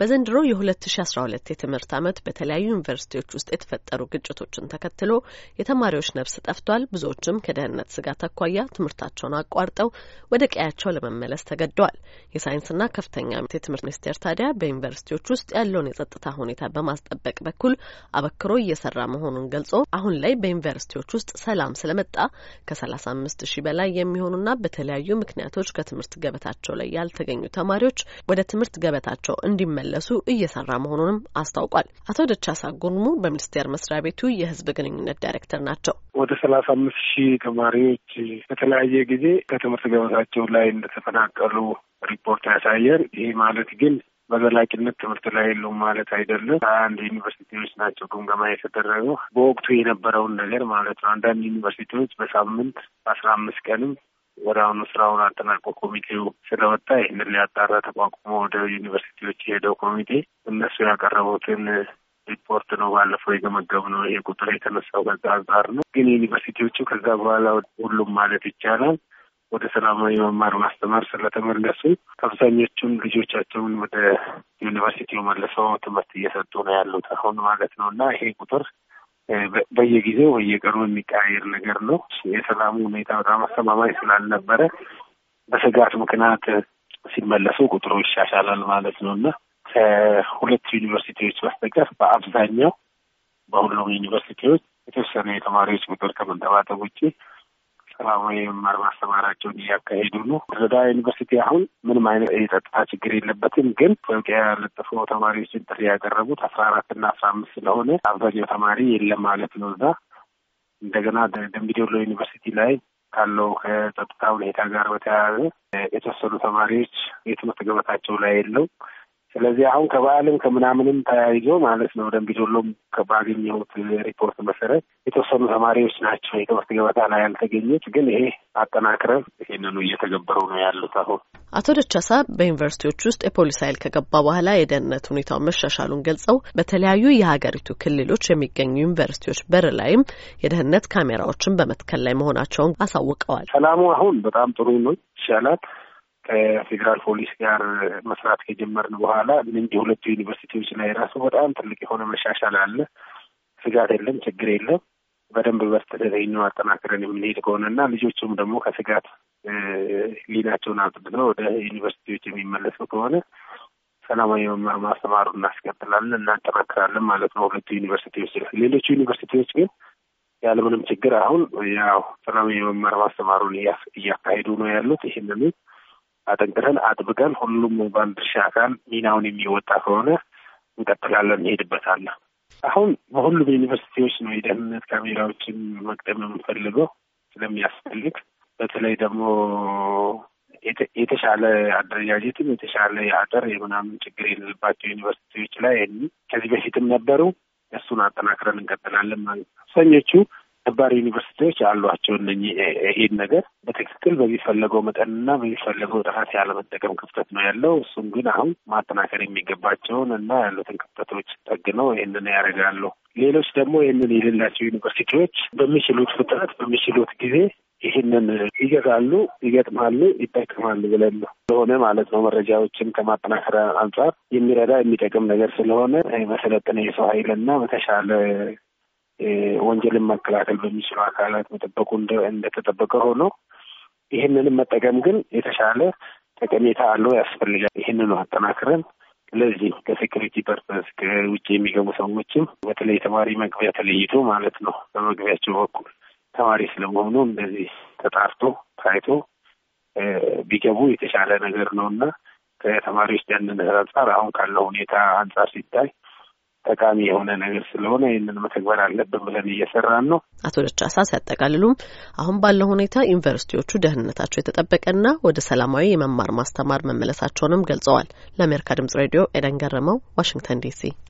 በዘንድሮ የ2012 የትምህርት ዓመት በተለያዩ ዩኒቨርሲቲዎች ውስጥ የተፈጠሩ ግጭቶችን ተከትሎ የተማሪዎች ነፍስ ጠፍቷል። ብዙዎችም ከደህንነት ስጋት አኳያ ትምህርታቸውን አቋርጠው ወደ ቀያቸው ለመመለስ ተገደዋል። የሳይንስና ከፍተኛ የትምህርት ሚኒስቴር ታዲያ በዩኒቨርሲቲዎች ውስጥ ያለውን የጸጥታ ሁኔታ በማስጠበቅ በኩል አበክሮ እየሰራ መሆኑን ገልጾ አሁን ላይ በዩኒቨርሲቲዎች ውስጥ ሰላም ስለመጣ ከ35 ሺህ በላይ የሚሆኑና በተለያዩ ምክንያቶች ከትምህርት ገበታቸው ላይ ያልተገኙ ተማሪዎች ወደ ትምህርት ገበታቸው እንዲመለ እንዲመለሱ እየሰራ መሆኑንም አስታውቋል። አቶ ደቻሳ ጉርሙ በሚኒስቴር መስሪያ ቤቱ የህዝብ ግንኙነት ዳይሬክተር ናቸው። ወደ ሰላሳ አምስት ሺህ ተማሪዎች በተለያየ ጊዜ ከትምህርት ገበታቸው ላይ እንደተፈናቀሉ ሪፖርት ያሳያል። ይህ ማለት ግን በዘላቂነት ትምህርት ላይ የሉም ማለት አይደለም። አንድ ዩኒቨርሲቲዎች ናቸው ግምገማ የተደረገው በወቅቱ የነበረውን ነገር ማለት ነው። አንዳንድ ዩኒቨርሲቲዎች በሳምንት አስራ አምስት ቀንም ወደ አሁኑ ስራውን አጠናቆ ኮሚቴው ስለወጣ ይህንን ሊያጣራ ተቋቁሞ ወደ ዩኒቨርሲቲዎች የሄደው ኮሚቴ እነሱ ያቀረቡትን ሪፖርት ነው ባለፈው የገመገብ ነው። ይሄ ቁጥር የተነሳው ከዛ አንጻር ነው። ግን ዩኒቨርሲቲዎቹ ከዛ በኋላ ሁሉም ማለት ይቻላል ወደ ሰላማዊ መማር ማስተማር ስለተመለሱ አብዛኞቹም ልጆቻቸውን ወደ ዩኒቨርሲቲው መልሰው ትምህርት እየሰጡ ነው ያሉት አሁን ማለት ነው እና ይሄ ቁጥር በየጊዜው በየቀኑ የሚቀያየር ነገር ነው። የሰላሙ ሁኔታ በጣም አስተማማኝ ስላልነበረ በስጋት ምክንያት ሲመለሱ ቁጥሩ ይሻሻላል ማለት ነው እና ከሁለት ዩኒቨርሲቲዎች በስተቀር በአብዛኛው በሁሉም ዩኒቨርሲቲዎች የተወሰነ የተማሪዎች ቁጥር ከመንጠባጠብ ውጭ ሰላማዊ የመማር ማስተማራቸውን እያካሄዱ ነው። ድሬዳዋ ዩኒቨርሲቲ አሁን ምንም አይነት የጸጥታ ችግር የለበትም። ግን መውቂያ ያለጠፉ ተማሪዎችን ጥሪ ያቀረቡት አስራ አራት እና አስራ አምስት ስለሆነ አብዛኛው ተማሪ የለም ማለት ነው እዛ እንደገና ደምቢዶሎ ዩኒቨርሲቲ ላይ ካለው ከጸጥታ ሁኔታ ጋር በተያያዘ የተወሰኑ ተማሪዎች የትምህርት ገበታቸው ላይ የለው ስለዚህ አሁን ከበዓልም ከምናምንም ተያይዞ ማለት ነው ደንቢዶሎም ባገኘሁት ሪፖርት መሰረት የተወሰኑ ተማሪዎች ናቸው የትምህርት ገበታ ላይ ያልተገኙት። ግን ይሄ አጠናክረን ይህንኑ እየተገበሩ ነው ያሉት። አሁን አቶ ደቻሳ በዩኒቨርሲቲዎች ውስጥ የፖሊስ ኃይል ከገባ በኋላ የደህንነት ሁኔታውን መሻሻሉን ገልጸው በተለያዩ የሀገሪቱ ክልሎች የሚገኙ ዩኒቨርሲቲዎች በር ላይም የደህንነት ካሜራዎችን በመትከል ላይ መሆናቸውን አሳውቀዋል። ሰላሙ አሁን በጣም ጥሩ ነው፣ ይሻላል። ከፌዴራል ፖሊስ ጋር መስራት ከጀመርን በኋላ እነዚህ የሁለቱ ዩኒቨርሲቲዎች ላይ ራሱ በጣም ትልቅ የሆነ መሻሻል አለ። ስጋት የለም፣ ችግር የለም። በደንብ በስተተኝ አጠናክረን የምንሄድ ከሆነና ልጆቹም ደግሞ ከስጋት ሊናቸውን አጥብተው ወደ ዩኒቨርሲቲዎች የሚመለሱ ከሆነ ሰላማዊ መማር ማስተማሩ እናስቀጥላለን፣ እናጠናክራለን ማለት ነው። ሁለቱ ዩኒቨርሲቲዎች ሌሎቹ ዩኒቨርሲቲዎች ግን ያለምንም ችግር አሁን ያው ሰላማዊ መማር ማስተማሩን እያካሄዱ ነው ያሉት። ይህንንም አጠንቅረን አጥብቀን ሁሉም ባለድርሻ አካል ሚናውን የሚወጣ ከሆነ እንቀጥላለን፣ እንሄድበታለን። አሁን በሁሉም ዩኒቨርሲቲዎች ነው የደህንነት ካሜራዎችን መቅጠም የምንፈልገው ስለሚያስፈልግ በተለይ ደግሞ የተሻለ አደረጃጀትም የተሻለ የአጠር የምናምን ችግር የሌለባቸው ዩኒቨርሲቲዎች ላይ ከዚህ በፊትም ነበሩ። እሱን አጠናክረን እንቀጥላለን ማለት ነው። አብዛኞቹ ነባር ዩኒቨርሲቲዎች አሏቸው። እነ ይሄን ነገር በትክክል በሚፈለገው መጠንና በሚፈለገው ጥራት ያለመጠቀም ክፍተት ነው ያለው። እሱም ግን አሁን ማጠናከር የሚገባቸውን እና ያሉትን ክፍተቶች ጠግነው ይህንን ያደርጋሉ። ሌሎች ደግሞ ይህንን የሌላቸው ዩኒቨርሲቲዎች በሚችሉት ፍጥነት በሚችሉት ጊዜ ይህንን ይገዛሉ፣ ይገጥማሉ፣ ይጠቀማሉ ብለን ነው ስለሆነ ማለት ነው። መረጃዎችን ከማጠናከር አንጻር የሚረዳ የሚጠቅም ነገር ስለሆነ በሰለጠነ የሰው ኃይልና በተሻለ ወንጀልን መከላከል በሚችሉ አካላት መጠበቁ እንደተጠበቀ ሆኖ ይህንንም መጠቀም ግን የተሻለ ጠቀሜታ አለው፣ ያስፈልጋል። ይህንኑ አጠናክረን ስለዚህ ከሴኩሪቲ ፐርፐስ ከውጭ የሚገቡ ሰዎችም በተለይ ተማሪ መግቢያ ተለይቶ ማለት ነው በመግቢያቸው በኩል ተማሪ ስለመሆኑ እንደዚህ ተጣርቶ ታይቶ ቢገቡ የተሻለ ነገር ነው እና ከተማሪዎች ደህንነት አንጻር አሁን ካለው ሁኔታ አንጻር ሲታይ ጠቃሚ የሆነ ነገር ስለሆነ ይህንን መተግበር አለብን ብለን እየሰራን ነው። አቶ ደቻሳ ሲያጠቃልሉም አሁን ባለው ሁኔታ ዩኒቨርሲቲዎቹ ደህንነታቸው የተጠበቀና ወደ ሰላማዊ የመማር ማስተማር መመለሳቸውንም ገልጸዋል። ለአሜሪካ ድምጽ ሬዲዮ ኤደን ገረመው፣ ዋሽንግተን ዲሲ